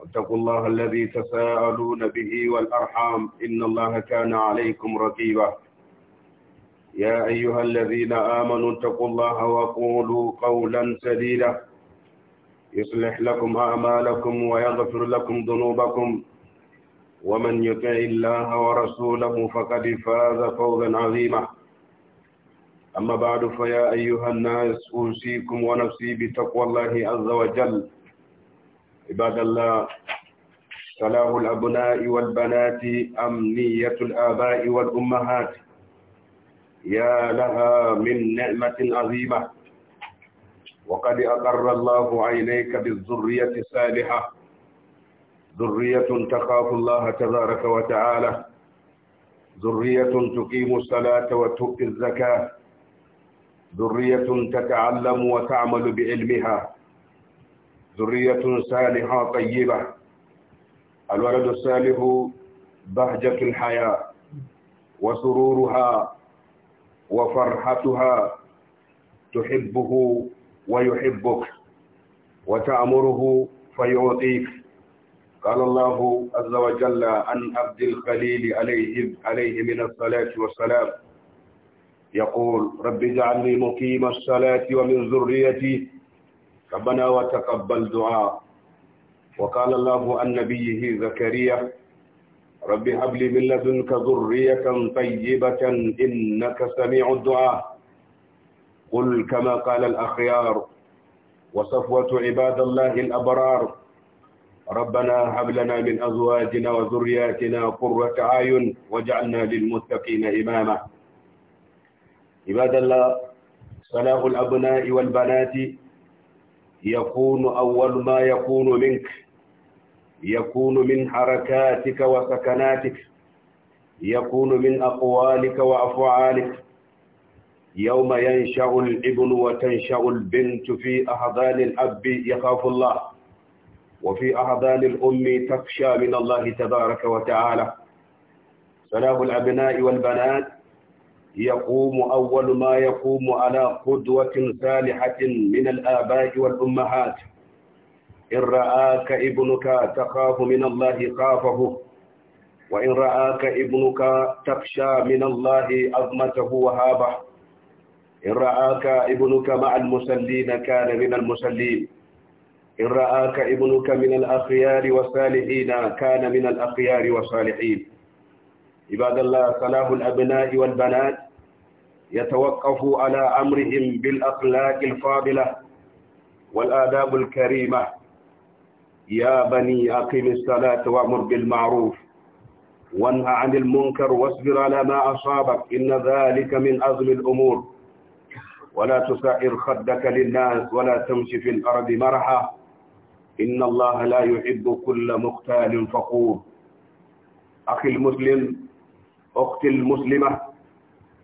واتقوا الله الذي تساءلون به والأرحام إن الله كان عليكم رقيبا يا أيها الذين آمنوا اتقوا الله وقولوا قولا سديدا يصلح لكم أعمالكم ويغفر لكم ذنوبكم ومن يطع الله ورسوله فقد فاز فوزا عظيما أما بعد فيا أيها الناس أوصيكم ونفسي بتقوى الله عز وجل عباد الله سلام الأبناء والبنات أمنية الآباء والأمهات يا لها من نعمة عظيمة وقد أقر الله عينيك بالذرية الصالحة ذرية تخاف الله تبارك وتعالى ذرية تقيم الصلاة وتؤتي الزكاة ذرية تتعلم وتعمل بعلمها ذرية صالحة طيبة الولد الصالح بهجة الحياة وسرورها وفرحتها تحبه ويحبك وتأمره فيعطيك قال الله عز وجل عن عبد الخليل عليه, عليه من الصلاة والسلام يقول رب اجعلني مقيم الصلاة ومن ذريتي ربنا وتقبل دعاء وقال الله عن نبيه زكريا رب هب لي من لدنك ذرية طيبة إنك سميع الدعاء قل كما قال الأخيار وصفوة عباد الله الأبرار ربنا هب لنا من أزواجنا وذرياتنا قرة أعين واجعلنا للمتقين إماما عباد الله صلاح الأبناء والبنات يكون أول ما يكون منك يكون من حركاتك وسكناتك يكون من أقوالك وأفعالك يوم ينشأ الابن وتنشأ البنت في أحضان الأب يخاف الله وفي أحضان الأم تخشى من الله تبارك وتعالى سلام الأبناء والبنات يقوم أول ما يقوم على قدوة صالحة من الآباء والأمهات إن رآك ابنك تخاف من الله خافه وإن رآك ابنك تخشى من الله أظمته وهابه إن رآك ابنك مع المسلين كان من المسلين إن رآك ابنك من الأخيار والصالحين كان من الأخيار والصالحين عباد الله صلاح الأبناء والبنات يتوقف على أمرهم بالأخلاق الفاضلة والآداب الكريمة يا بني أقم الصلاة وأمر بالمعروف وانهى عن المنكر واصبر على ما أصابك إن ذلك من أزم الأمور ولا تسعر خدك للناس ولا تمشي في الأرض مرحا إن الله لا يحب كل مختال فخور أخي المسلم أختي المسلمة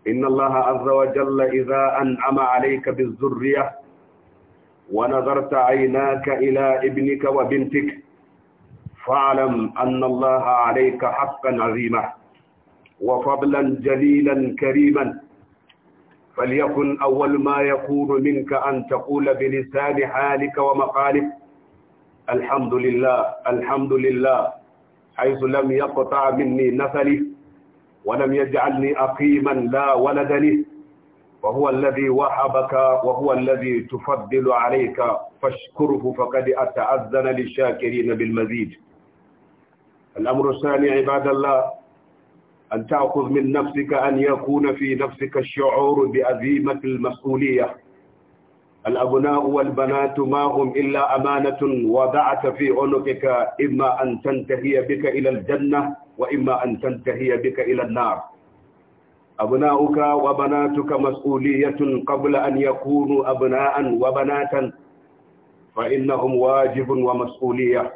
إن الله عز وجل إذا أنعم عليك بالذرية ونظرت عيناك إلى ابنك وبنتك فاعلم أن الله عليك حقا عظيما وفضلا جليلا كريما فليكن أول ما يكون منك أن تقول بلسان حالك ومقالك الحمد لله الحمد لله حيث لم يقطع مني نفلي ولم يجعلني أقيما لا ولد لي وهو الذي وهبك وهو الذي تفضل عليك فاشكره فقد أتأذن للشاكرين بالمزيد الأمر الثاني عباد الله أن تأخذ من نفسك أن يكون في نفسك الشعور بأزيمة المسؤولية الأبناء والبنات ما هم إلا أمانة وضعت في عنقك إما أن تنتهي بك إلى الجنة وإما أن تنتهي بك إلى النار أبناؤك وبناتك مسؤولية قبل أن يكونوا أبناء وبناتا فإنهم واجب ومسؤولية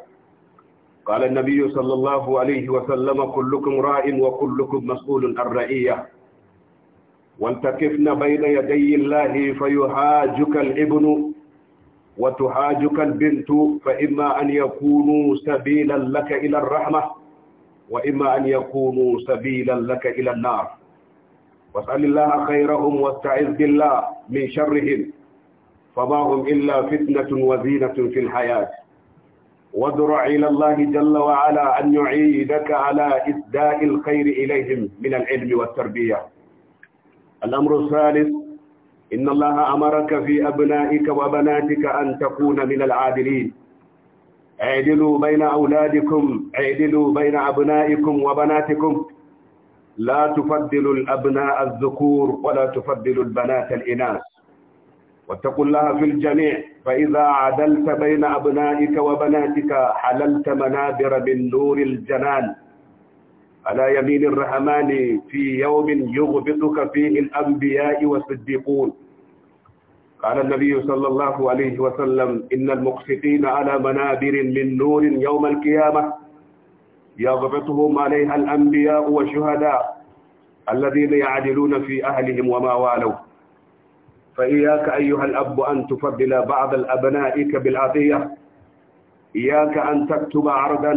قال النبي صلى الله عليه وسلم كلكم راء وكلكم مسؤول الرئية والتكفن بين يدي الله فيهاجك الابن وتهاجك البنت فإما أن يكونوا سبيلا لك إلى الرحمة وإما أن يكونوا سبيلا لك إلى النار واسأل الله خيرهم واستعذ بالله من شرهم فما هم إلا فتنة وزينة في الحياة وادرع إلى الله جل وعلا أن يعيدك على إسداء الخير إليهم من العلم والتربية الأمر الثالث إن الله أمرك في أبنائك وبناتك أن تكون من العادلين اعدلوا بين أولادكم اعدلوا بين أبنائكم وبناتكم لا تفضلوا الأبناء الذكور ولا تفضلوا البنات الإناث واتقوا الله في الجميع فإذا عدلت بين أبنائك وبناتك حللت منابر من نور الجنان على يمين الرحمن في يوم يغبطك فيه الأنبياء والصديقون قال النبي صلى الله عليه وسلم إن المقسطين على منابر من نور يوم القيامة يغبطهم عليها الأنبياء والشهداء الذين يعدلون في أهلهم وما والوا فإياك أيها الأب أن تفضل بعض الأبنائك بالعطية إياك أن تكتب عرضا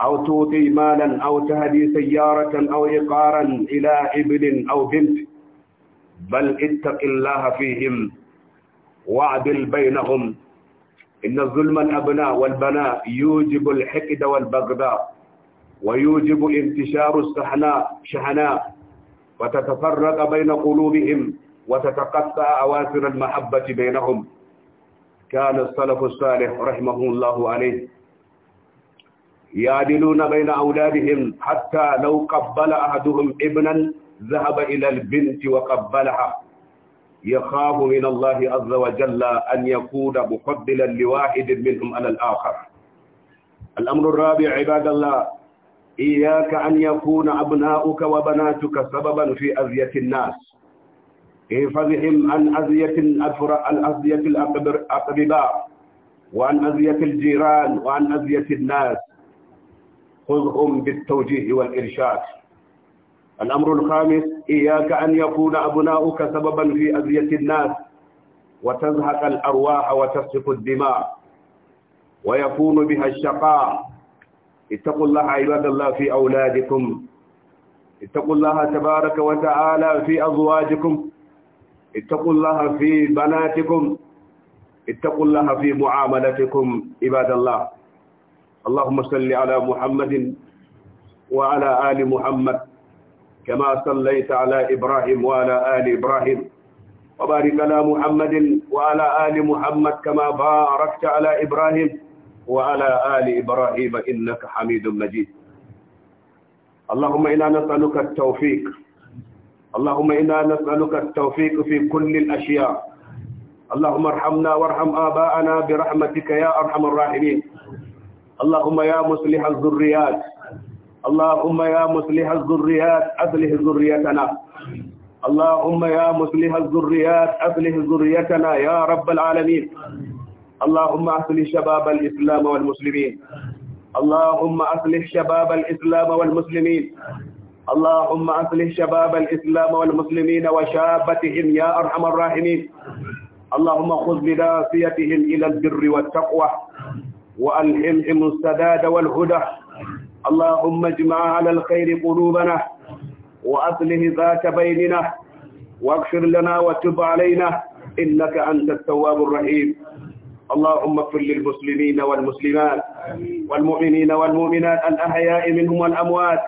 أو توطي مالا أو تهدي سيارة أو إقارا إلى إبل أو بنت بل اتق الله فيهم واعدل بينهم إن الظلم الأبناء والبناء يوجب الحقد والبغضاء ويوجب انتشار السحناء شحناء وتتفرق بين قلوبهم وتتقطع أواسر المحبة بينهم كان السلف الصالح رحمه الله عليه يعدلون بين أولادهم حتى لو قبل أحدهم ابنا ذهب إلى البنت وقبلها يخاف من الله عز وجل أن يكون مقبلا لواحد منهم على الآخر الأمر الرابع عباد الله إياك أن يكون أبناؤك وبناتك سببا في أذية الناس احفظهم عن أذية الأقرباء وعن أذية الجيران وعن أذية الناس خذهم بالتوجيه والإرشاد الأمر الخامس إياك أن يكون أبناؤك سببا في أذية الناس وتزهق الأرواح وتسفك الدماء ويكون بها الشقاء اتقوا الله عباد الله في أولادكم اتقوا الله تبارك وتعالى في أزواجكم اتقوا الله في بناتكم اتقوا الله في معاملتكم عباد الله اللهم صل على محمد وعلى آل محمد كما صليت على إبراهيم وعلى آل إبراهيم وبارك على محمد وعلى آل محمد كما باركت على إبراهيم وعلى آل إبراهيم إنك حميد مجيد اللهم إنا نسألك التوفيق اللهم إنا نسألك التوفيق في كل الأشياء اللهم ارحمنا وارحم آباءنا برحمتك يا أرحم الراحمين اللهم يا مصلح الذريات اللهم يا مصلح الذريات أصلح ذريتنا اللهم يا مصلح الذريات أصلح ذريتنا يا رب العالمين اللهم أصلح شباب الإسلام والمسلمين اللهم أصلح شباب الإسلام والمسلمين اللهم أصلح شباب الإسلام والمسلمين وشابتهم يا أرحم الراحمين اللهم خذ بناصيتهم إلى البر والتقوى وألهمهم السداد والهدى اللهم اجمع على الخير قلوبنا وأصله ذات بيننا واغفر لنا وتب علينا إنك أنت التواب الرحيم اللهم اغفر للمسلمين والمسلمات والمؤمنين والمؤمنات الأحياء منهم والأموات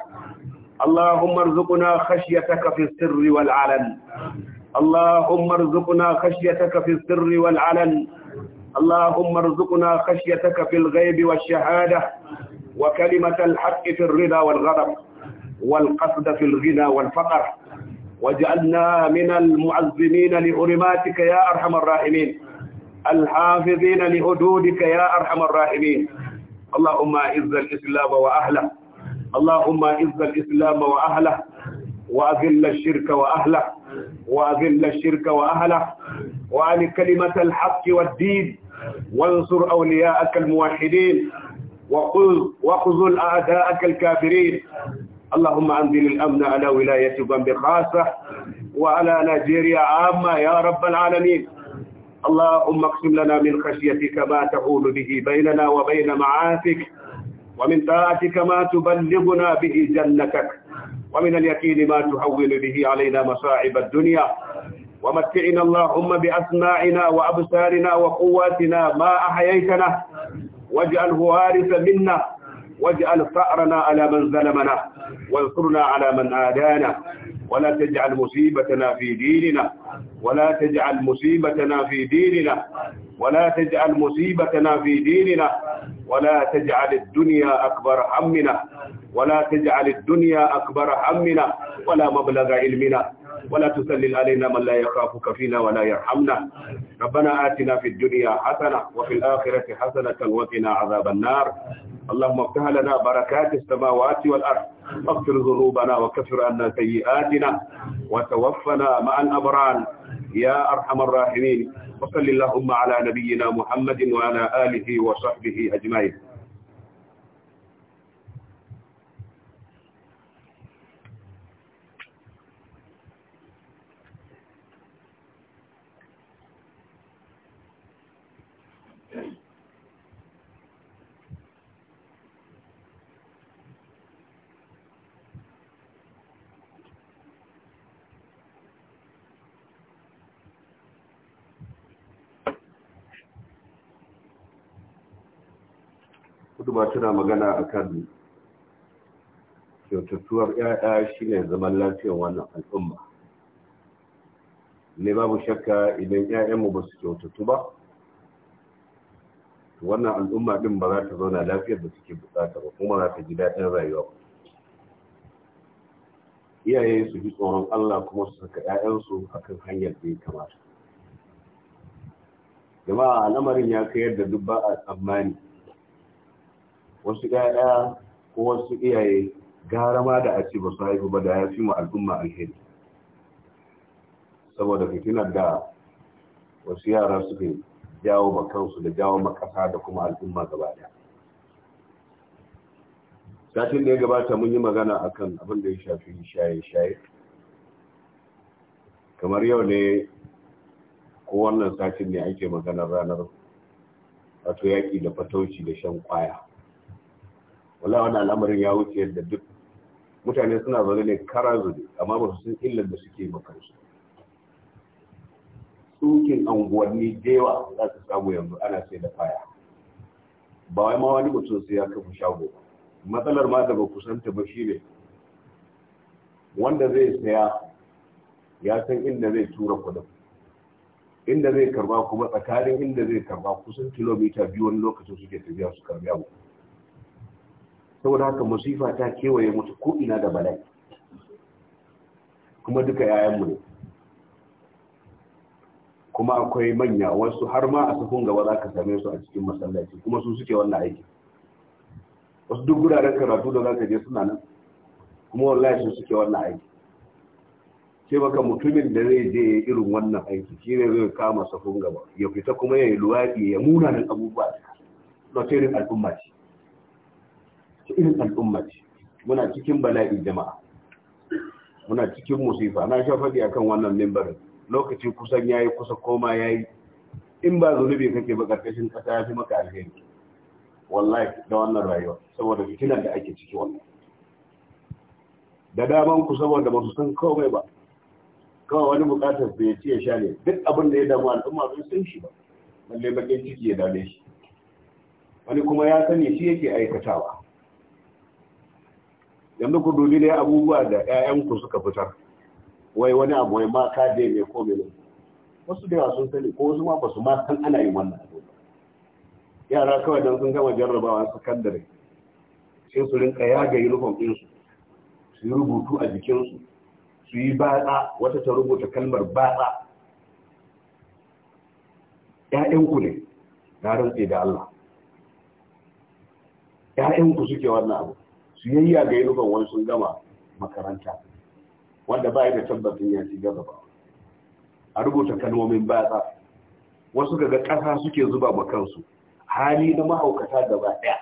اللهم ارزقنا خشيتك في السر والعلن اللهم ارزقنا خشيتك في السر والعلن اللهم ارزقنا خشيتك في الغيب والشهادة وكلمة الحق في الرضا والغضب والقصد في الغنى والفقر واجعلنا من المعظمين لحرماتك يا أرحم الراحمين الحافظين لحدودك يا أرحم الراحمين اللهم اعز الإسلام وأهله اللهم اعز الإسلام وأهله وأذل الشرك وأهله وأذل الشرك وأهله وأن كلمة الحق والدين وانصر أولياءك الموحدين وخذل أعداءك الكافرين اللهم أنزل الأمن على ولاية بامبي خاصة وعلى نيجيريا عامة يا رب العالمين اللهم اقسم لنا من خشيتك ما تحول به بيننا وبين معافك ومن طاعتك ما تبلغنا به جنتك ومن اليقين ما تحول به علينا مصاعب الدنيا ومتعنا اللهم بأسماعنا وأبصارنا وقواتنا ما أحييتنا واجعله وارثا منا واجعل ثأرنا على من ظلمنا وانصرنا على من آدانا ولا تجعل مصيبتنا في ديننا ولا تجعل مصيبتنا في ديننا ولا تجعل مصيبتنا في ديننا ولا تجعل الدنيا أكبر همنا ولا تجعل الدنيا أكبر همنا ولا مبلغ علمنا ولا تسلل علينا من لا يخافك فينا ولا يرحمنا ربنا آتنا في الدنيا حسنة وفي الآخرة حسنة وقنا عذاب النار اللهم افتح لنا بركات السماوات والأرض اغفر ذنوبنا وكفر عنا سيئاتنا وتوفنا مع الأبرار يا أرحم الراحمين وصل اللهم على نبينا محمد وعلى آله وصحبه أجمعين ba tana magana a kan akan ya'ya 'ya'ya shine zaman lafiyar wannan al'umma ne babu shakka idan 'ya'yanmu ba su kyautattu ba wannan al'umma din ba za ta zauna lafiyar da suke bukata ba kuma za ta ji daɗin rayuwa iyaye su ji tsoron Allah kuma su saka 'ya'yansu a kan hanyar da ya kamata jama'a al'amarin ya kai yadda duk ba a tsammani wasu ƴaƴa ko wasu iyaye gara ma da a ce ba su haihu ba da ya fi mu al'umma alheri saboda fitinar da wasu yara suke jawo ma kansu da jawo ma ƙasa da kuma al'umma gaba ɗaya satin da ya gabata mun yi magana akan abin da ya shafi shaye-shaye kamar yau ne ko wannan satin ne ake maganar ranar wato yaƙi da fatauci da shan kwaya wallahi wannan al'amarin ya wuce yadda duk mutane suna zaune ne kara zuri amma ba su san illar da suke makarsu tsukin anguwanni dewa za su samu yanzu ana sai da kaya ba wai ma wani mutum sai ya kafa shago matsalar ma da ba kusanta ba shi ne wanda zai saya ya san inda zai tura kudin inda zai karba kuma tsakanin inda zai karba kusan kilomita biyu wani lokacin suke tafiya su karbi abu saboda haka musifa ta kewaye mutu ko ina da bala'i kuma duka yayanmu ne kuma akwai manya wasu har ma a safin gaba za ka same su a cikin masallaci kuma su suke wannan aiki wasu duk guraren karatu da za ka je suna nan kuma wallahi su suke wannan aiki sai baka mutumin da zai je ya irin wannan aiki shi ne zai kama safin gaba ya fita kuma ya yi luwaɗi ya munanan abubuwa na tsirin al'umma ce ta al'umma ce muna cikin bala'i jama'a muna cikin musifa na sha faɗi akan wannan mimbarin lokaci kusan yayi kusa koma yayi in ba zunubi kake ba karkashin kasa ya fi maka alheri wallahi da wannan rayuwa saboda fitinar da ake ciki wannan da daman ku saboda ba su san komai ba kawai wani bukatar su ya ci ya sha ne duk abin da ya damu al'umma sun san shi ba balle bakin ciki ya dame shi wani kuma ya sani shi yake aikatawa yanzu ku dubi ne abubuwa da 'ya'yanku suka fitar wai wani abu wai ma ka dai mai ko ne? wasu da yawa sun sani ko wasu ma ba su ma san ana yin wannan abu yara kawai don sun gama jarrabawa sakandare sai su rinka yaga uniform din su yi rubutu a jikinsu su yi batsa wata ta rubuta kalmar batsa Ƴaƴanku ne na rantse da Allah Ƴaƴanku suke wannan abu siyayya ga yunifon wani sun gama makaranta wanda ba da tabbatin ya ci gaba ba a rubuta kalmomin batsa wasu daga ƙasa suke zuba ma kansu hali na mahaukata gaba ɗaya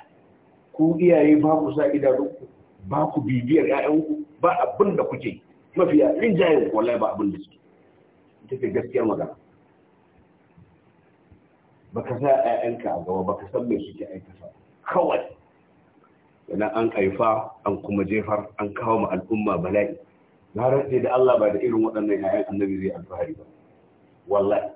ku iyaye ba ku sa idanunku ba ku bibiyar 'ya'yanku ba abin da kuke mafiya rinjayen wallahi ba abin da suke ita ce gaskiyar magana baka sa 'ya'yanka a gaba baka san me suke aikata kawai idan an haifa an kuma jefar an kawo ma al'umma bala'i na rantse da Allah ba da irin waɗannan yayan annabi zai alfahari ba wallahi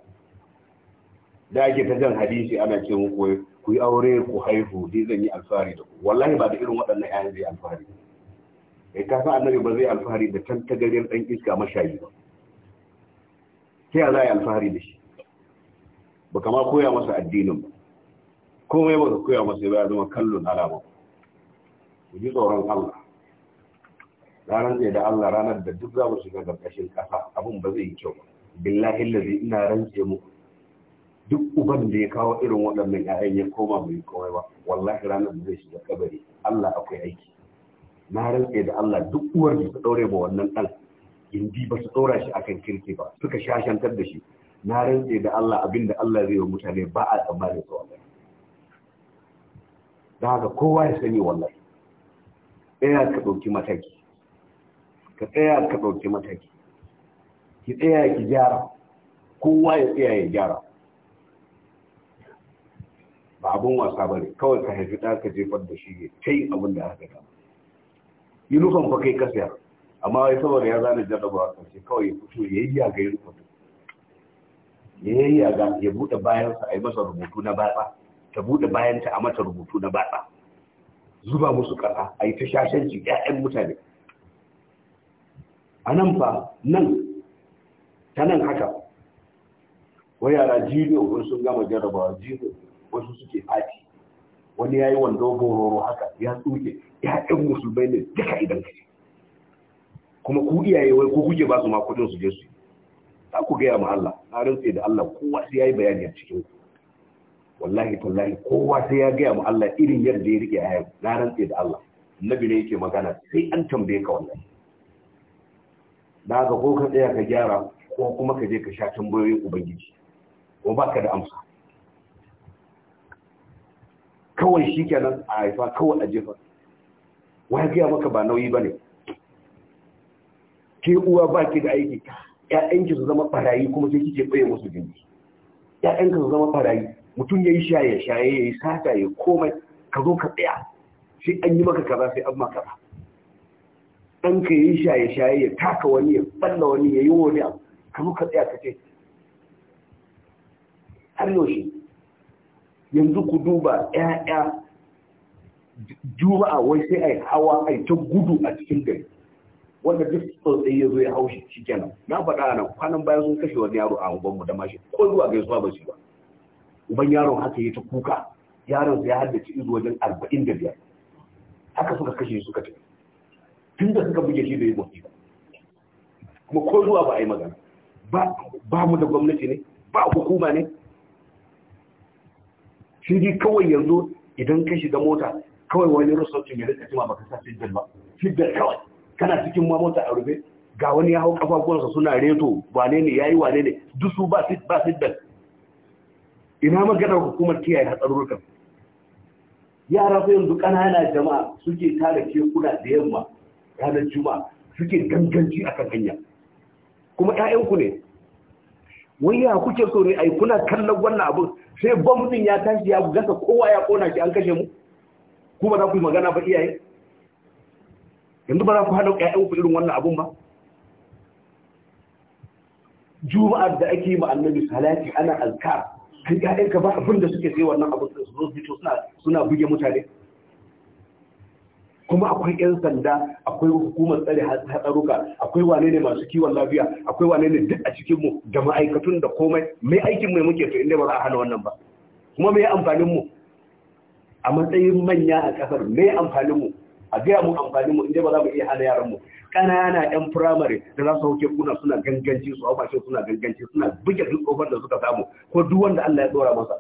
da ake ta jan hadisi ana ce muku ku yi aure ku haihu ni zan yi alfahari da ku wallahi ba da irin waɗannan yayan zai alfahari ba kai ka san annabi ba zai alfahari da garin dan iska mashayi ba sai ya yi alfahari da shi ba kama koya masa addinin ba komai ba ka koya masa ya zama kallon alama ku ji tsoron Allah ranar da Allah ranar da duk za mu shiga gabashin kasa abin ba zai yi kyau ba billahi lazi ina rantse mu duk uban da ya kawo irin waɗannan ƴaƴan ya koma bai komai ba wallahi ranar da zai shiga kabari Allah akwai aiki na rantse da Allah duk uwar da ta ɗaure ba wannan ɗan indi ba su tsora shi akan kirki ba suka shashantar da shi na rantse da Allah abinda Allah zai yi wa mutane ba a tsammani sa wallahi da haka kowa ya sani wallahi tsaya ka ɗauki mataki ka tsaya ka ɗauki mataki ki tsaya ki gyara kowa ya tsaya ya gyara ba abin wasa ba ne kawai ka haifi ɗa ka jefar da shi ne ta yi abin da aka gama. yunifon fa kai kasiya amma wai saboda ya zana a ƙarshe kawai ya fito ya yi yaga yunifon ya yi yaga ya buɗe bayansa a yi masa rubutu na batsa ta buɗe bayanta a mata rubutu na batsa zuba musu ƙasa a yi ta shashanci ya'yan mutane a nan fa nan ta nan haka Wani yara jino wani sun gama jarabawa jino wasu suke fati wani ya yi wando bororo haka ya tsuke ya'yan musulmai ne duka idan ka kuma ku iyaye wai ko kuke ba su ma kuɗin su je su yi za ku gaya ma Allah na rantse da Allah kowa sai ya yi bayani a cikin ku wallahi tallahi kowa sai ya gaya mu Allah irin yadda ya rike ayar na rantse da Allah annabi ne yake magana sai an tambaye ka wannan da ga ko ka tsaya ka gyara ko kuma ka je ka sha tambayoyin ubangiji ko baka da amsa kawai kenan a haifa kawai a jefa wai gaya maka ba nauyi bane ke uwa ba ki da aiki ƴaƴanki su zama barayi kuma sai kike baye musu gindi ƴaƴanka su zama barayi mutum ya yi shaye shaye ya yi sata ya komai ka zo ka tsaya sai an yi maka kaza sai an maka ba. ɗan ka yi shaye shaye ya taka wani ya balla wani ya yi wani abu ka zo ka tsaya ka ce har yaushe yanzu ku duba 'ya'ya juma'a wai sai a yi hawa a yi ta gudu a cikin gari wanda duk tsotsai ya zo ya haushi shi kenan na faɗa nan kwanan bayan sun kashe wani yaro a mu da mashi ko zuwa gaisuwa ba shi ba uban yaron haka ya ta kuka yaron ya haddace izu wajen arba'in da biyar haka suka kashe suka tafi tun da suka buge shi da yi mafi kuma ko zuwa ba a yi magana ba mu da gwamnati ne ba hukuma ne shi ne kawai yanzu idan ka shiga mota kawai wani rusocin ya rika cima baka sa siddar ba siddar kawai kana cikin ma mota a rufe ga wani ya hau kafafuwansa suna reto wane ne ya yi wane ne duk su ba bas. ina magana hukumar kiyaye hatsarurrukan yara fa yanzu ƙanana jama'a suke tara kekuna da yamma ranar juma'a suke ganganci akan hanya kuma ƴaƴanku ne wai ya kuke so ne ai kuna kallon wannan abin sai bom ya tashi ya gasa kowa ya kona shi an kashe mu kuma za ku yi magana ba iyaye yanzu ba za ku haɗa ƴaƴanku irin wannan abun ba juma'ar da ake yi ma annabi salati ana alkar kai ƴaƴanka ba abin da suke sai wannan abu su zo fito suna buge mutane kuma akwai 'yan sanda akwai hukumar tsare hatsaruka akwai wane ne masu kiwon lafiya akwai wane ne duk a cikinmu da ma'aikatun da komai mai aikin mai muke to inda ba za a hana wannan ba kuma mai amfanin mu a matsayin manya a kasar mai amfanin mu a gaya mu amfanin mu inda ba za mu iya hana yaran mu ƙanana 'yan firamare da za su hauke kuna suna ganganci su hau bashi suna ganganci suna buge duk ƙofar da suka samu ko duk wanda Allah ya tsora masa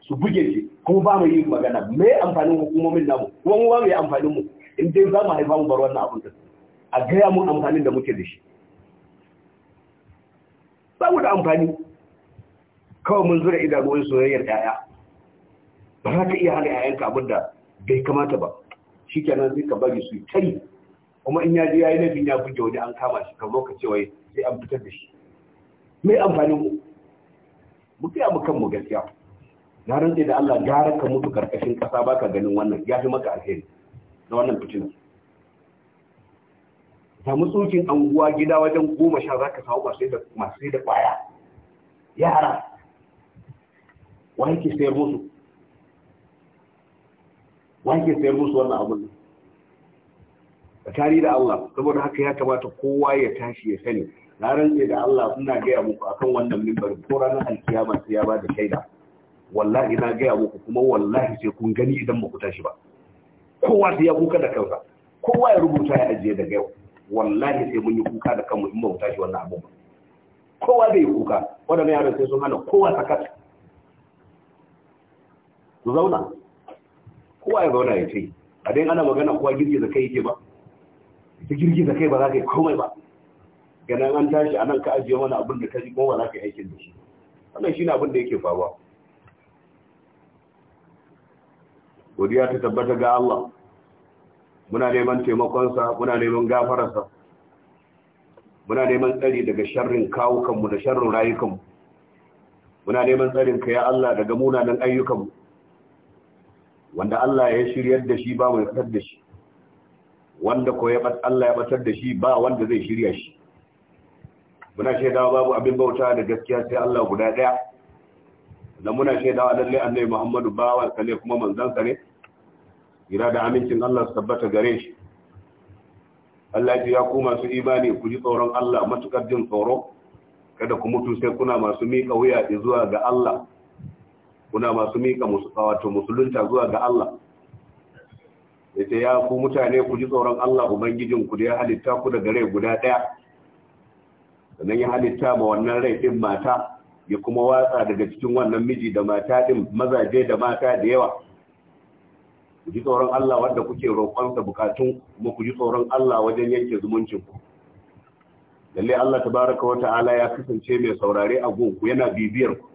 su buge shi kuma ba mu yi magana me amfanin hukumomin namu wani wa mai amfanin mu in dai za mu haifa mu bar wannan abin a gaya mu amfanin da muke da shi saboda mu da amfani kawai mun zura idanuwar soyayyar 'ya'ya ba za ka iya hana 'ya'yanka abin da bai kamata ba kenan sai ka bari su tari kuma in ya je yi laifin ya buge wani an kama shi ka lokaci wai sai an fitar da shi mai amfani mu mu kai mu kanmu gaskiya na rantse da Allah gara ka mutu karkashin kasa baka ganin wannan ya fi maka alheri na wannan fitina samu tsokin anguwa gida wajen goma sha za ka samu masu da kwaya yara wa yake sayar musu wa yake sayar musu wannan abin tsakani da Allah saboda haka ya kamata kowa ya tashi ya sani ranar ne da Allah suna gaya muku akan wannan mimbar ko ranar alkiyama sai ya bada shaida wallahi na gaya muku kuma wallahi sai kun gani idan ku tashi ba kowa sai ya kuka da kansa kowa ya rubuta ya ajiye daga yau wallahi sai mun yi kuka da kanmu in ba tashi wannan abu ba kowa zai yi kuka waɗannan yaran sai sun hana kowa sakat ku zauna kowa ya zauna ya ce a dai ana magana kowa girgiza kai yake ba ta girgiza kai ba za ka yi komai ba gana an tashi a nan ka ajiye wani abin da ka ji kuma ba za ka yi aikin da shi wannan shi ne abin da yake faruwa godiya ta tabbata ga Allah muna neman taimakonsa muna neman gafararsa muna neman tsari daga sharrin kawukanmu da sharrin rayukanmu muna neman tsarin ka ya Allah daga munanan ayyukanmu wanda Allah ya shiryar da shi ba mai fitar da shi wanda ko Allah ya batar da shi ba wanda zai shirya shi muna shaidawa babu abin bauta da gaskiya sai Allah guda daya da muna shaidawa lalle annabi Muhammadu ba sa ne kuma manzon sa ne ira da amincin Allah su tabbata gare shi Allah ya kuma su imani ku ji tsoron Allah matukar jin tsoro kada ku mutu sai kuna masu miƙa wuya zuwa ga Allah kuna masu miƙa musu musulunta zuwa ga Allah ya ce ya ku mutane ku ji tsoron Allah ku da ya halitta ku daga rai guda ɗaya sannan ya halitta ma wannan rai ɗin mata ya kuma watsa daga cikin wannan miji da mata ɗin mazaje da mata da yawa ku ji tsoron Allah wanda kuke roƙonsa bukatun kuma ku ji tsoron Allah wajen yanke zumuncin ku lalle Allah tabaraka wa ta'ala ya kasance mai saurare a gunku yana bibiyar ku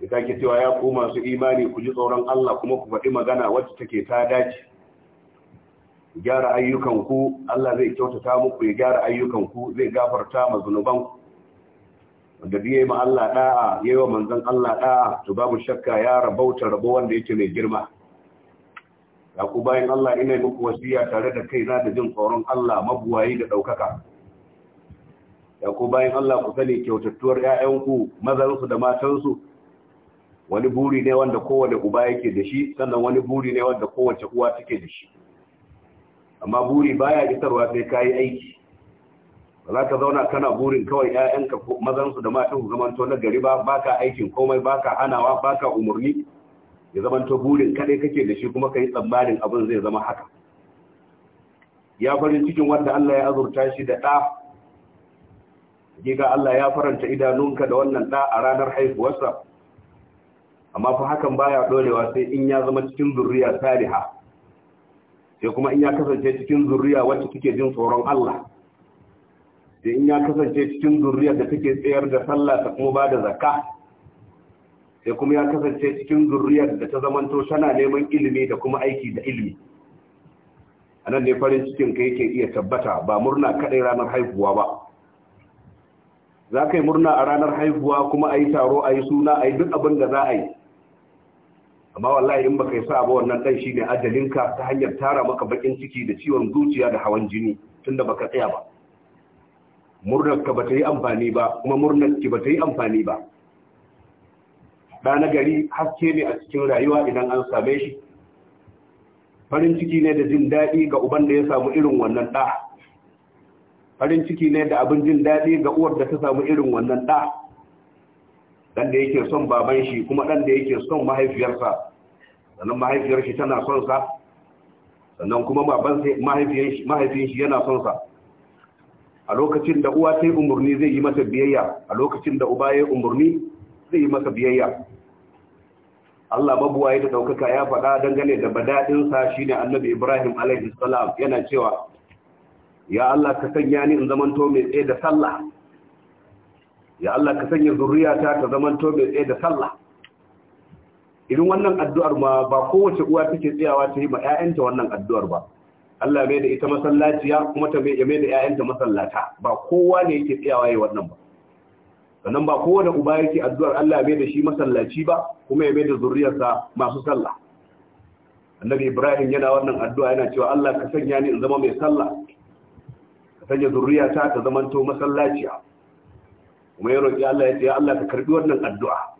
ya sake cewa ya ku masu imani ku ji tsoron Allah kuma ku faɗi magana wacce take ta dace gyara ayyukanku Allah zai kyautata muku ya gyara ku, zai gafarta ma zunubanku wanda biye ma Allah da'a yayin manzon Allah da'a to babu shakka ya rabauta rabo wanda yake mai girma ya ku bayan Allah ina muku wasiya tare da kai, na da jin tsoron Allah mabuwayi da ɗaukaka ya ku bayan Allah ku sani kyautattuwar ‘ya'yanku mazansu da matansu wani buri ne wanda kowane uba yake da shi sannan wani buri ne wanda kowace uwa take da shi amma buri baya isarwa sai ka aiki ba za ka zauna kana burin kawai 'ya'yanka mazansu da matan zamanto na gari ba baka aikin komai baka hanawa baka umarni ya zamanto burin kaɗai kake da shi kuma ka yi tsammanin abin zai zama haka ya farin cikin wanda Allah ya azurta shi da ɗa giga Allah ya faranta idanunka da wannan ɗa a ranar haihuwarsa amma fa hakan baya dorewa sai in ya zama cikin zurriya saliha sai kuma in ya kasance cikin zurriya wacce take jin tsoron Allah sai in ya kasance cikin zurriya da take tsayar da sallah ta kuma bada zakka sai kuma ya kasance cikin zurriya da ta zamanto tana neman ilimi da kuma aiki da ilimi anan ne farin cikin ka yake iya tabbata ba murna kadai ranar haihuwa ba za ka yi murna a ranar haihuwa kuma a yi taro a yi suna a yi duk abin da za a yi amma wallahi in baka yi sa ba wannan dan shine ajalinka ta hanyar tara maka bakin ciki da ciwon zuciya da hawan jini tunda baka tsaya ba murnar ka bata yi amfani ba kuma murnar ki bata yi amfani ba da na gari haske ne a cikin rayuwa idan an same shi farin ciki ne da jin daɗi ga uban da ya samu irin wannan ɗa farin ciki ne da abin jin daɗi ga uwar da ta samu irin wannan ɗa dan da yake son baban shi kuma dan da yake son mahaifiyarsa sannan mahaifiyar shi tana son sa sannan kuma baban sai mahaifiyar shi yana son sa a lokacin da uwa ta yi umarni zai yi mata biyayya a lokacin da uba ya yi umarni zai yi masa biyayya Allah mabuwaye da ɗaukaka ya faɗa dangane da badaɗinsa shi ne annabi Ibrahim salam yana cewa, Ya Allah ka sanya ni in zamanto mai tsaye da sallah, ya Allah ka sanya zuriyata ta zamanto mai tsaye da sallah irin wannan addu'ar ma ba kowace uwa take tsayawa ta yi ma 'ya'yanta wannan addu'ar ba Allah mai da ita masallaciya kuma ta mai da 'ya'yanta masallata ba kowa ne yake tsayawa yi wannan ba sannan ba kowane uba yake addu'ar Allah mai da shi masallaci ba kuma ya mai da zuriyarsa masu sallah annabi ibrahim yana wannan addu'a yana cewa Allah ka sanya ni in zama mai sallah ka sanya zuriyata ta zamanto masallaciya kuma ya roƙi Allah ya ce ya Allah ka karbi wannan addu'a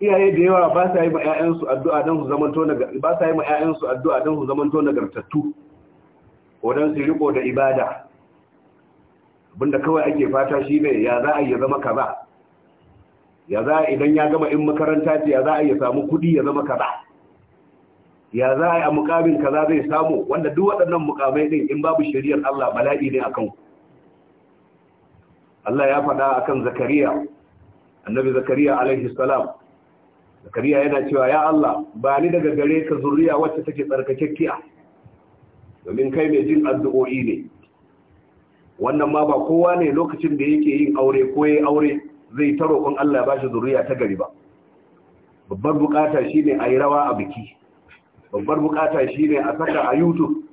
iyaye da yawa ba sa yi ma ƴaƴansu addu'a don su to na ba sa yi ma ƴaƴansu addu'a dan su zamanto nagartattu ko don su riko da ibada abinda kawai ake fata shi ne ya za a yi zama kaza ya za a idan ya gama in makaranta ce ya za a yi samu kuɗi ya zama kaza ya za a yi a mukamin kaza zai samu wanda duk waɗannan mukamai din in babu shari'ar Allah bala'i ne akan ku Allah ya faɗa akan Zakariya annabi Zakariya alaihi salam Zakariya yana cewa ya Allah ba ni daga gare ka zuriya wacce take tsarkakekkiya domin kai mai jin addu'o'i ne wannan ma ba kowa ne lokacin da yake yin aure ko yayin aure zai ta roƙon Allah ba shi zuriya ta gari ba babbar bukata shine a yi rawa a biki babbar bukata shine a saka a YouTube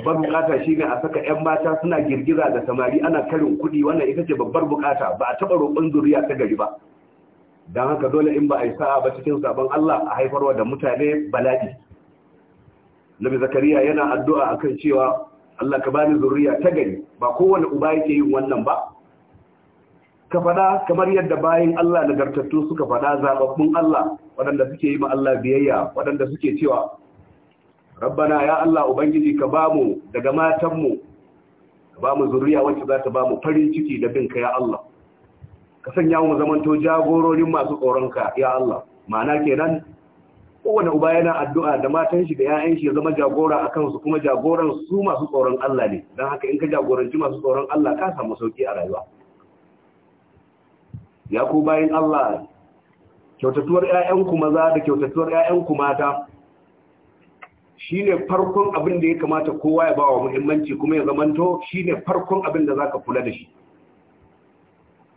babbar bukata shine a saka yan mata suna girgiza da samari ana karin kuɗi wannan ita ce babbar bukata ba a taba roƙon zuriya ta gari ba don haka dole in ba a yi sa'a ba cikin sabon Allah a haifarwa da mutane bala'i Nabi Zakariya yana addu'a akan cewa Allah ka bani zuriya ta gari ba kowane uba yake yin wannan ba ka faɗa kamar yadda bayan Allah nagartattu suka fada zababbun Allah waɗanda suke yi ma Allah biyayya waɗanda suke cewa rabbana ya Allah ubangiji ka bamu daga matanmu ka bamu zuriya wacce za ta bamu farin ciki da binka ya Allah ka sanya mu zamanto jagororin masu tsoronka ya Allah ma'ana kenan kowane uba yana addu'a da matan shi da 'ya'yan shi ya zama jagora a kansu kuma jagoran su masu tsoron Allah ne dan haka in ka jagoranci masu tsoron Allah ka samu sauki a rayuwa ya ku bayan Allah kyautatuwar 'ya'yanku maza da kyautatuwar 'ya'yanku mata shine farkon abin da ya kamata kowa ya bawa muhimmanci kuma ya zamanto shine farkon abin da zaka kula da shi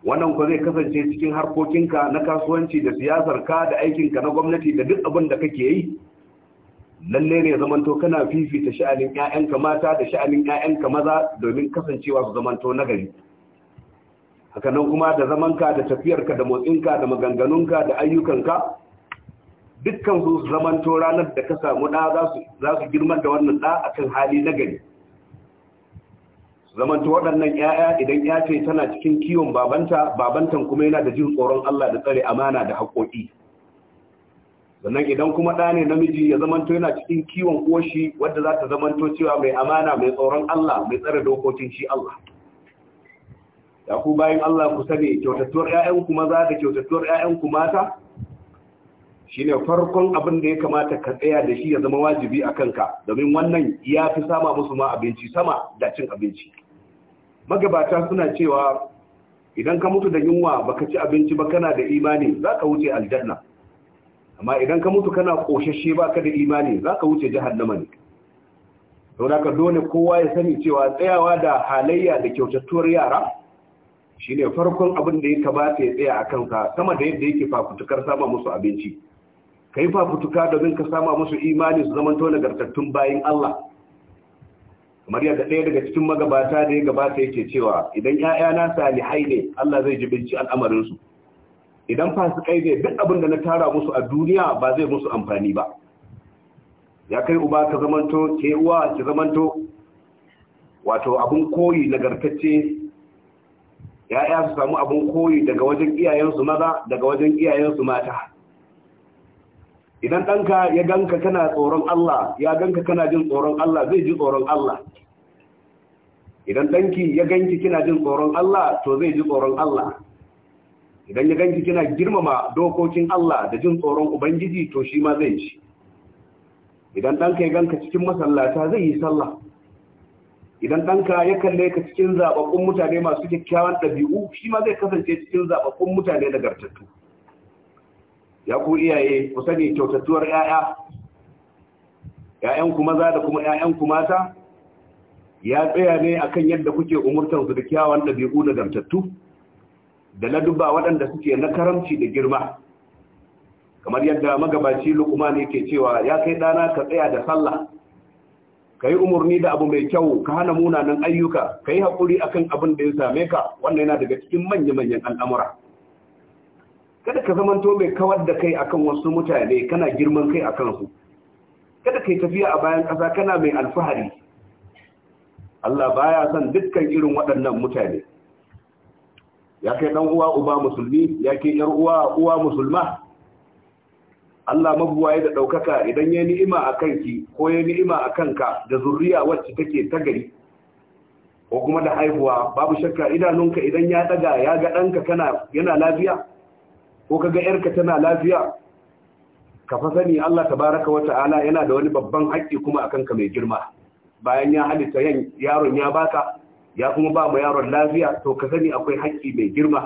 wannan ko zai kasance cikin harkokinka na kasuwanci da siyasarka da aikinka na gwamnati da duk abin da kake yi lalle ne zamanto kana fifita sha'anin ƴaƴanka mata da sha'anin ƴaƴanka maza domin kasancewa su zamanto nagari hakanan kuma da zamanka da tafiyarka da motsinka da maganganunka da ayyukanka dukkan su zamanto ranar da ka samu ɗa za su girman da wannan ɗa a kan hali na gari to waɗannan 'ya'ya idan ya ce tana cikin kiwon babanta babantan kuma yana da jin tsoron Allah da tsare amana da haƙoƙi sannan idan kuma ɗa ne namiji ya to yana cikin kiwon ƙoshi wadda za ta to cewa mai amana mai tsoron Allah mai tsare dokokin shi Allah ya ku bayan Allah ku sani kyautattuwar 'ya'yanku maza da kyautattuwar 'ya'yanku mata shine farkon abin da ya kamata ka tsaya da shi ya zama wajibi a kanka domin wannan ya fi sama musu ma abinci sama da cin abinci magabata suna cewa idan ka mutu da yunwa baka ci abinci ba kana da imani za ka wuce aljanna amma idan ka mutu kana ba ka da imani za ka wuce jahannama ne don haka dole kowa ya sani cewa tsayawa da halayya da kyautattuwar yara shine farkon abin da ya kamata ya tsaya a kansa sama da yadda yake fafutukar sama musu abinci ka yi fafutuka domin ka sama musu imani su zamanto nagartattun bayin Allah kamar yadda ɗaya daga cikin magabata da ya gabata yake cewa idan 'ya'yana salihai ne Allah zai ji binci al'amarinsu idan kai ne duk abin da na tara musu a duniya ba zai musu amfani ba ya kai uba ka zamanto ke uwa ki zamanto wato abin koyi nagartacce ya'ya su samu abin koyi daga wajen iyayensu maza daga wajen iyayensu mata idan ɗanka ya ganka kana tsoron Allah ya ganka kana jin tsoron Allah zai ji tsoron Allah idan ɗanki ya ganki kina jin tsoron Allah to zai ji tsoron Allah idan ya ganki kina girmama dokokin Allah da jin tsoron Ubangiji to shi ma zai ji idan ɗanka ya ganka cikin masallata zai yi sallah idan ɗanka ya kalle ka cikin zaɓaɓɓun mutane masu kyakkyawan ɗabi'u shi ma zai kasance cikin zaɓaɓɓun mutane nagartattu ya ku iyaye ku sani kyautattuwar ‘ya'ya Ya'yanku maza da kuma ‘ya'yan ku mata ya tsaya ne akan yadda kuke umurtar su da kyawun ɗabi'u da gamtattu da laduba waɗanda suke na karamci da girma kamar yadda magabaci lukumani ke cewa ya kai ɗana ka tsaya da sallah ka yi umarni da abu mai kyau ka hana munanan ayyuka ka yi haƙuri akan abin da ya same ka wannan yana daga cikin manya-manyan al'amura kada ka zamanto mai kawar da kai akan wasu mutane kana girman kai akan su kada kai tafiya a bayan ƙasa kana mai alfahari Allah baya son dukkan irin waɗannan mutane ya kai ɗan uwa uba musulmi ya kai ƴar uwa uwa musulma Allah mabuwaye da ɗaukaka idan ya ni'ima a kanki ko ya ni'ima a kanka da zurriya wacce take ta gari ko kuma da haihuwa babu shakka idanunka idan ya ɗaga ya ga ɗanka kana yana lafiya ko kaga yarka tana lafiya ka fa sani Allah tabaraka wa ta'ala yana da wani babban haƙƙi kuma akan ka mai girma bayan ya halitta yan yaron ya baka ya kuma ba mu yaron lafiya to ka sani akwai haƙƙi mai girma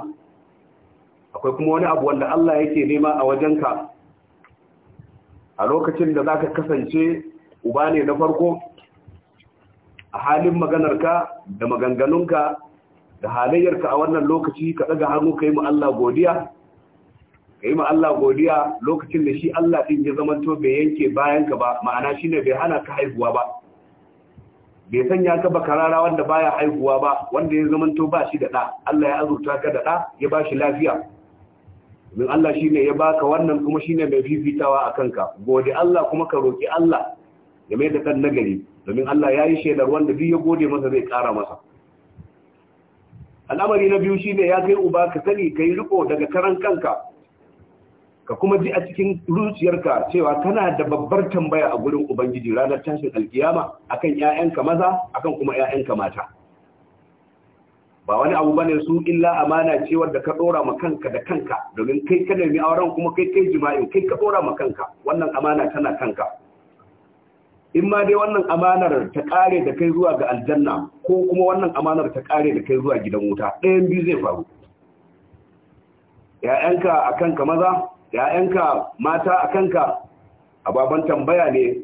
akwai kuma wani abu wanda Allah yake nema a wajenka a lokacin da zaka kasance uba ne na farko a halin maganarka da maganganunka da halayyarka a wannan lokaci ka ɗaga hannu ka yi mu Allah godiya ka yi ma Allah godiya lokacin da shi Allah ɗin ya zamanto bai yanke bayan ka ba ma'ana shi ne bai hana ka haihuwa ba bai sanya ka ba karara wanda baya haihuwa ba wanda ya zamanto ba shi da ɗa Allah ya azurta ka da ɗa ya ba shi lafiya don Allah shi ne ya baka wannan kuma shi ne mai fifitawa a kanka gode Allah kuma ka roƙi Allah ya mai da kan nagari domin Allah ya yi shaidar wanda duk ya gode masa zai ƙara masa al'amari na biyu shi ne ya kai uba ka sani ka yi riko daga karan kanka ka kuma ji a cikin zuciyarka cewa kana da babbar tambaya a gurin ubangiji ranar tashin alkiyama akan ƴaƴanka maza akan kuma ƴaƴanka mata ba wani abu bane su illa amana cewar da ka dora ma kanka da kanka domin kai ka nemi auren kuma kai kai jima'i kai ka dora ma kanka wannan amana tana kanka in ma dai wannan amanar ta kare da kai zuwa ga aljanna ko kuma wannan amanar ta kare da kai zuwa gidan wuta ɗayan biyu zai faru Ya'yanka akan ka maza ‘ya'yanka mata a kanka baban tambaya ne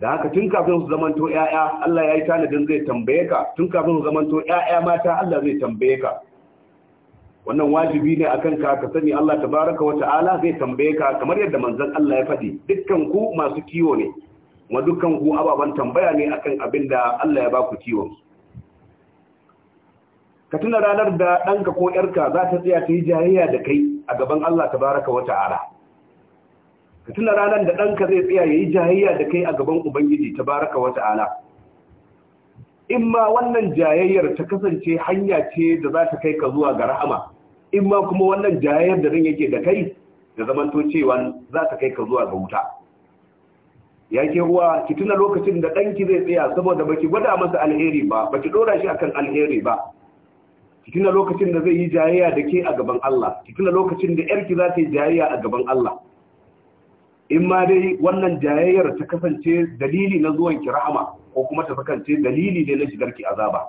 da haka tun kafin su zamanto ‘ya'ya Allah ya yi tanadin zai tambaye ka tun kafin su zamanto ‘ya'ya mata Allah zai tambaye ka wannan wajibi ne akan ka ka sani Allah tabaraka wa ta'ala zai tambaye ka kamar yadda manzan Allah ya faɗi dukkan ku masu kiwo ne wa dukkan ku ababan tambaya ne akan abin da Allah ya ba ku kiwon ka tuna ranar da ɗanka ko ‘yarka za ta tsaya ta yi jayayya da kai a gaban Allah ta baraka wata ara. ka tuna ranar da ɗanka zai tsaya ya yi jayayya da kai a gaban Ubangiji ta baraka wata ara. in ma wannan jayayyar ta kasance hanya ce da za ta kai ka zuwa ga rahama in ma kuma wannan jayayyar da zan yake da kai da to cewa za ta kai ka zuwa ga wuta ya ke ruwa ki tuna lokacin da ɗanki zai tsaya saboda baki gwada masa alheri ba baki ɗora shi akan alheri ba ki tuna lokacin da zai yi jayayya da ke a gaban Allah ki tuna lokacin da yarki za ta yi jayayya a gaban Allah in ma dai wannan jayayyar ta kasance dalili na zuwan ki rahama ko kuma ta kasance dalili ne na shigar ki azaba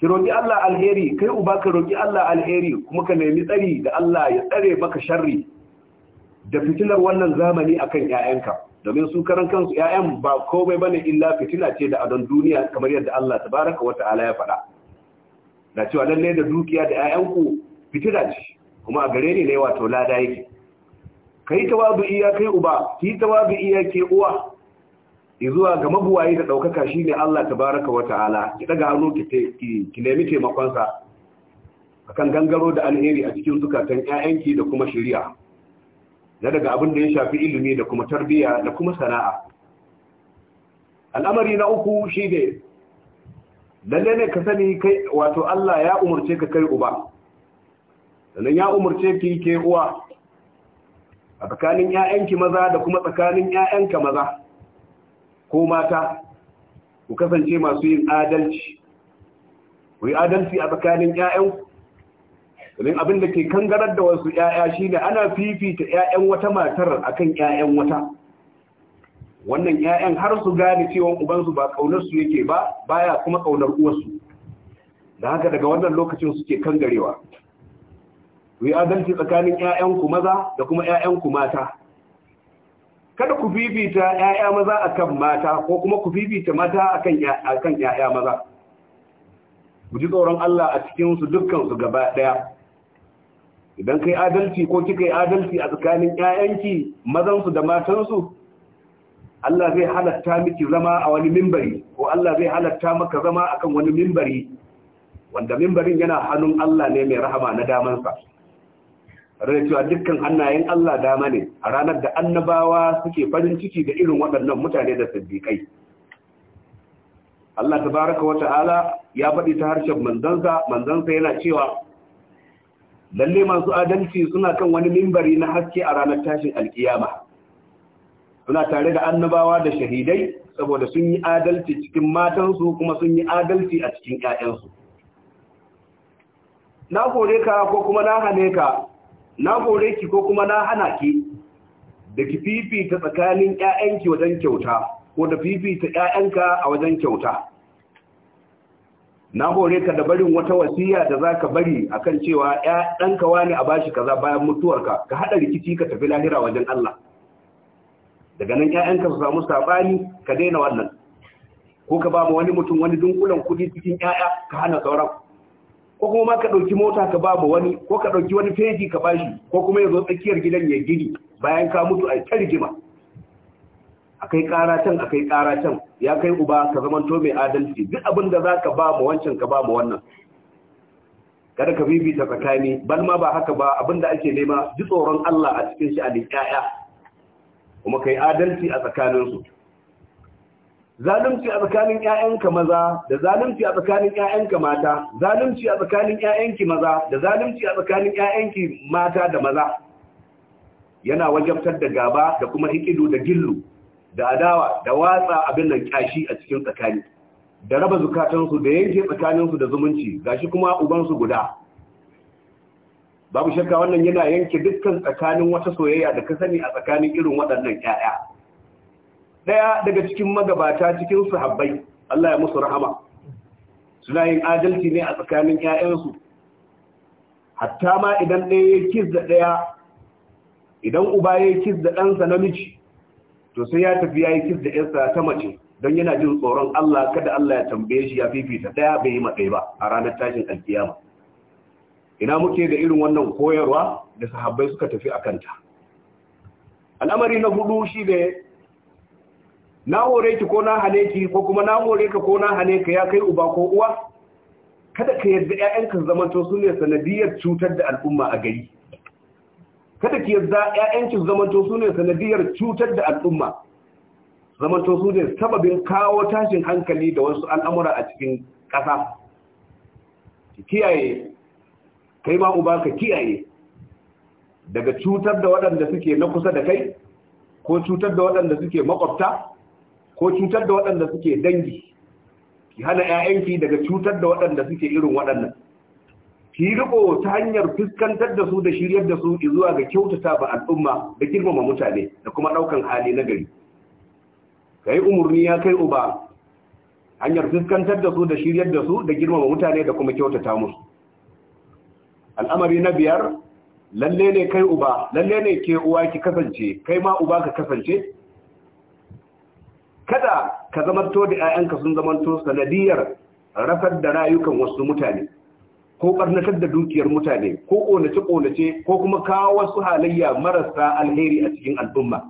ki roki Allah alheri kai uba ka roki Allah alheri kuma ka nemi tsari da Allah ya tsare maka sharri da fitilar wannan zamani akan 'ya'yanka, domin su karan kansu ƴaƴan ba komai bane illa fitila ce da adon duniya kamar yadda Allah tabaraka wa ta'ala ya faɗa na cewa lalle da dukiya da 'ya'yanku fitila ce kuma a gare ni ne wato lada yake kai tawadu iya kai uba ki tawadu iya ke uwa zuwa ga mabuwayi da daukaka shine Allah tabaraka wa ta'ala ki daga hannu ki ki nemi taimakonsa. A akan gangaro da alheri a cikin zukatan 'ya'yanki da kuma shari'a na daga abin da ya shafi ilimi da kuma tarbiyya da kuma sana'a al'amari na uku shine lalle ne ka sani kai wato Allah ya umurce ka kai uba sannan ya umurce ki ke uwa a tsakanin ƴaƴanki maza da kuma tsakanin ƴaƴanka maza ko mata ku kasance masu yin adalci ku yi adalci a tsakanin ƴaƴanku domin abin da ke kangarar da wasu ƴaƴa shine ana fifita ƴaƴan wata matar akan ƴaƴan wata wannan 'ya'yan har su gane cewa ubansu ba su yake ba baya kuma ƙaunar uwarsu da haka daga wannan lokacin suke kan garewa ku adalci tsakanin 'ya'yanku maza da kuma 'ya'yanku mata kada ku fifita 'ya'ya maza akan mata ko kuma ku fifita mata akan 'ya'ya maza ku ji tsoron Allah a cikinsu su gaba ɗaya idan kai adalci ko kika yi adalci a tsakanin 'ya'yanki su da matan su? Allah zai halatta miki zama a wani mimbari ko Allah zai halatta maka zama akan wani mimbari wanda mimbarin yana hannun Allah ne mai rahama na damansa tare cewa dukkan hannayen Allah dama ne a ranar da annabawa suke farin ciki da irin waɗannan mutane da siddiƙai Allah baraka wata ala ya faɗi ta harshen manzansa manzansa yana cewa lalle masu adalci suna kan wani mimbari na haske a ranar tashin alkiyama suna tare da annabawa da shahidai saboda sun yi adalci cikin matansu kuma sun yi adalci a cikin ƴaƴansu na kore ka ko kuma na hane ka na kore ki ko kuma na hana ki da ki fifita tsakanin ƴaƴanki wajen kyauta ko da fifita ƴaƴanka a wajen kyauta na hore ka da barin wata wasiya da zaka bari akan cewa ƴaƴanka wani a bashi kaza bayan mutuwarka ka haɗa rikici ka tafi lahira wajen Allah daga nan 'ya'yanka su samu saɓani ka daina wannan ko ka ba mu wani mutum wani dunkulan kudi cikin 'ya'ya ka hana sauran ko kuma ma ka ɗauki mota ka ba mu wani ko ka ɗauki wani feji ka bashi ko kuma ya zo tsakiyar gidan ya gini bayan ka mutu a ta rigima akai ƙara can akai ƙara can ya kai uba ka zamanto mai adalci duk abin da za ka ba mu wancan ka ba mu wannan kada ka bibita tsakani bal ma ba haka ba abinda ake nema ji tsoron Allah a cikin shi a 'ya'ya kuma kai adalci a tsakaninsu zalunci a tsakanin 'ya'yanka maza da zalunci a tsakanin ƴaƴanka mata zalunci a tsakanin 'ya'yanki maza da zalunci a tsakanin 'ya'yanki mata da maza yana wajabtar da gaba da kuma hikidu da gillu da adawa da watsa abin nan kyashi a cikin tsakani da raba zukatansu da yanke tsakaninsu da zumunci gashi kuma ubansu guda babu shakka wannan yana yanke dukkan tsakanin wata soyayya da ka sani a tsakanin irin waɗannan ƴaƴa Ɗaya daga cikin magabata cikin sahabbai Allah ya musu rahama suna yin adalci ne a tsakanin ƴaƴansu hatta ma idan ɗaya ya kiss da ɗaya idan uba ya kiss da ɗansa namiji to sai ya tafi ya yi kiss da ƴarsa ta mace don yana jin tsoron Allah kada Allah ya tambaye shi ya fifita ɗaya bai yi matsayi ba a ranar tashin alkiyama ina muke da irin wannan koyarwa da sahabbai suka tafi a kanta al'amari na hudu shi ne na hore ki ko na hane ki ko kuma na hore ka ko na hane ka ya kai uba ko uwa kada ka yarda ƴaƴanka to su ne sanadiyar cutar da al'umma a gari kada ki yarda ƴaƴanki to su ne sanadiyar cutar da al'umma to su ne sababin kawo tashin hankali da wasu al'amura a cikin ƙasa ki kiyaye kai ma uba ka kiyaye daga cutar da waɗanda suke na kusa da kai ko cutar da waɗanda suke makwabta ko cutar da waɗanda suke dangi ki hana 'ya'yanki daga cutar da waɗanda suke irin waɗannan ki riko ta hanyar fuskantar da su da shiryar da su zuwa ga kyautata ba al'umma da girmama mutane da kuma ɗaukan hali na gari kai umurni ya kai uba hanyar fuskantar da su da shiryar da su da girmama mutane da kuma kyautata musu al'amari na biyar lalle ne kai uba lalle ne ke uwa ki kasance kai ma uba ka kasance kada ka zamanto da 'ya'yanka sun zamanto sanadiyar rasar da rayukan wasu mutane ko karnatar da dukiyar mutane ko ƙonace-ƙonace ko kuma kawo wasu halayya marasa alheri a cikin al'umma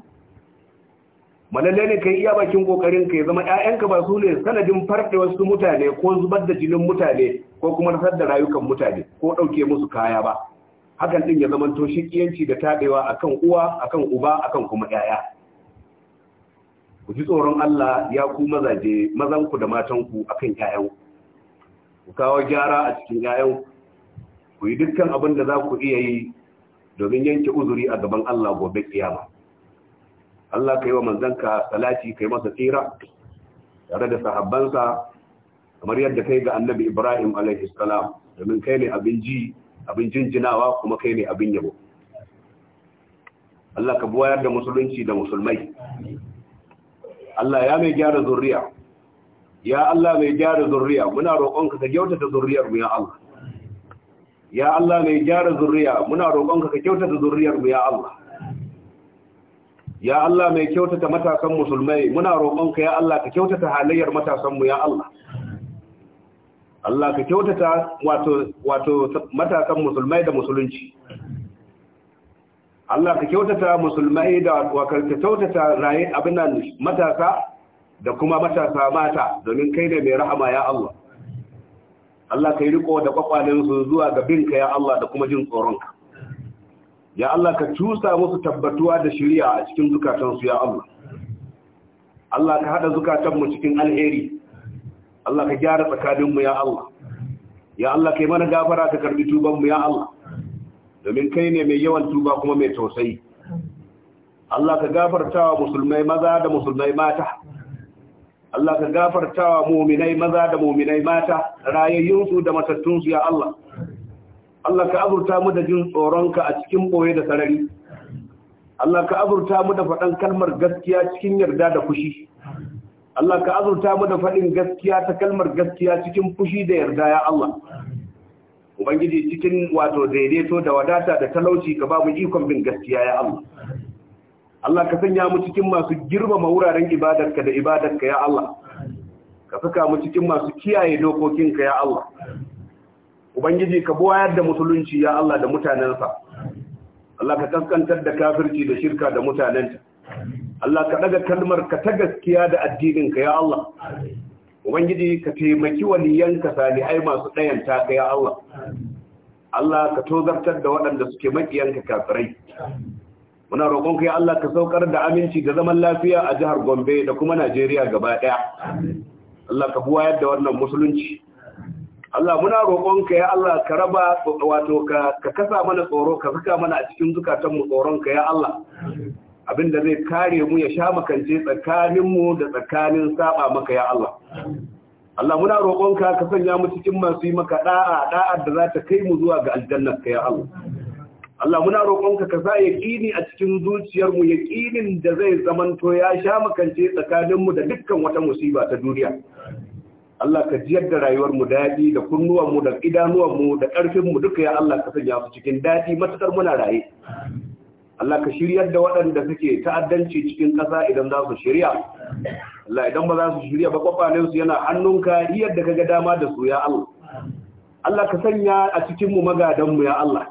malalle ne kai iya bakin kokarin ka ya zama ƴaƴanka ba su ne sanadin farɗe wasu mutane ko zubar da jinin mutane ko kuma rasar da rayukan mutane ko ɗauke musu kaya ba hakan din ya zama to shiƙiyanci da taɗewa akan uwa akan uba akan kuma ƴaƴa ku ji tsoron Allah ya ku mazaje mazan ku da matan ku akan ƴaƴan ku kawo gyara a cikin ƴaƴan ku yi dukkan abin da za ku iya yi domin yanke uzuri a gaban Allah gobe kiyama Allah ka yi wa manzanka salati kai masa tsira tare da sahabbansa kamar yadda kai ga annabi Ibrahim alaihi salam domin kai ne abin ji abin jinjinawa kuma kai ne abin yabo Allah ka buwayar da musulunci da musulmai Allah ya mai gyara zurriya ya Allah mai gyara zurriya muna roƙonka ka kyautata zurriyar mu ya Allah ya Allah mai gyara zurriya muna roƙonka ka kyautata zurriyar mu ya Allah ya Allah mai kyautata matasan musulmai muna roƙonka ya Allah ka kyautata halayyar matasanmu ya Allah Allah ka kyautata wato wato matasan musulmai da musulunci Allah ka kyautata musulmai da wakarta kyautata raye abin nan matasa da kuma matasa mata domin kai ne mai rahama ya Allah Allah ka yi riko da kwakwalensu zuwa ga binka ya Allah da kuma jin tsoronka ya Allah ka cusa musu tabbatuwa da shari'a a cikin zukatansu ya Allah Allah ka hada zukatanmu cikin alheri Allah ka gyara tsakaninmu ya Allah ya Allah kai mana gafara ka karbi tubanmu ya Allah domin kai ne mai yawan tuba kuma mai tausayi Allah ka wa musulmai maza da musulmai mata Allah ka wa mu'minai maza da mu'minai mata rayayyunsu da matattunsu ya Allah Allah ka azurta mu da jin tsoronka a cikin boye da sarari Allah ka azurta mu da faɗan kalmar gaskiya cikin yarda da fushi Allah ka azurta mu da faɗin gaskiya ta kalmar gaskiya cikin fushi da yarda ya Allah Ubangiji cikin wato daidaito da wadata da talauci ka babu ikon bin gaskiya ya Allah Allah ka sanya mu cikin masu girmama wuraren ibadarka da ibadarka ya Allah ka saka mu cikin masu kiyaye dokokinka ya Allah ubangiji ka buwayar da musulunci ya Allah da mutanensa Allah ka kaskantar da kafirci da shirka da mutanenta Allah ka daga kalmar ka ta gaskiya da addinin ka ya Allah ubangiji ka taimaki waliyanka salihai masu ɗayanta ka ya Allah Allah ka tozartar da waɗanda suke makiyanka kafirai muna roƙonka ya Allah ka saukar da aminci da zaman lafiya a jihar Gombe da kuma Najeriya gaba ɗaya Allah ka buwayar da wannan musulunci Allah muna roƙonka ya Allah ka raba wato ka kasa mana tsoro ka saka mana a cikin zukatanmu tsoronka ya Allah abinda zai kare mu ya sha makance tsakaninmu da tsakanin saba maka ya Allah Allah muna roƙonka ka sanya mu cikin masu yi maka da'a da'a da za ta kai mu zuwa ga ka ya Allah Allah muna roƙonka ka sa yaƙini a cikin zuciyarmu yaƙinin da zai zamanto ya sha makance tsakaninmu da dukkan wata musiba ta duniya Allah ka jiyar da rayuwar mu daɗi da kunnuwan mu da idanuwan mu da ƙarfin mu duka ya Allah ka sanya su cikin daɗi matakar muna raye Allah ka shiryar da waɗanda suke ta'addanci cikin ƙasa idan za su shirya Allah idan ba za su shirya ba kwakwalen su yana hannunka yadda ka ga dama da su ya Allah Allah ka sanya a cikin mu magadan mu ya Allah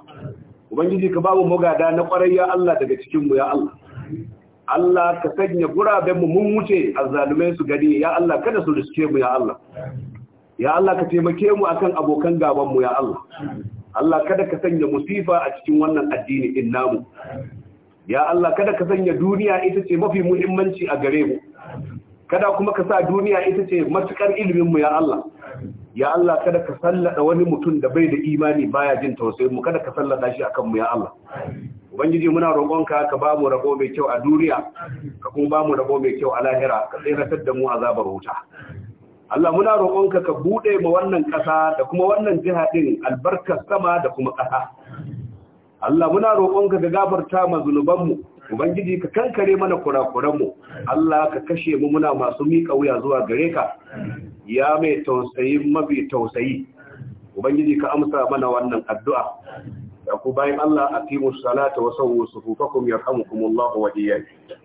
Ubangiji ka ba mu magada na ƙwarai ya Allah daga cikin mu ya Allah Allah ka sanya guraben mu mun wuce azzalumai su gani ya Allah kada su riske mu ya Allah ya Allah ka taimake mu akan abokan gaban mu ya Allah Allah kada ka sanya musifa a cikin wannan addini din namu ya Allah kada ka sanya duniya ita ce mafi muhimmanci a gare mu kada kuma ka sa duniya ita ce matukar ilimin mu ya Allah ya Allah kada ka sallada wani mutum da bai da imani baya jin tausayin mu kada ka sallada shi akan mu ya Allah ubangiji muna roƙonka ka ba mu rabo mai kyau a duniya ka kuma ba mu rabo mai kyau a lahira ka tseratar da mu azabar wuta Allah muna roƙonka ka buɗe ma wannan ƙasa da kuma wannan jiha ɗin albarkar sama da kuma ƙasa. Allah muna roƙonka ka gafarta ma zunubanmu, Ubangiji ka kankare mana kurakuranmu, Allah ka kashe mu muna masu miƙa wuya zuwa gare ka, ya mai tausayi mafi tausayi. Ubangiji ka amsa mana wannan addu'a. ku bayan Allah aqimus salata wa sawwu sufufakum yarhamukumullahu wa iyyakum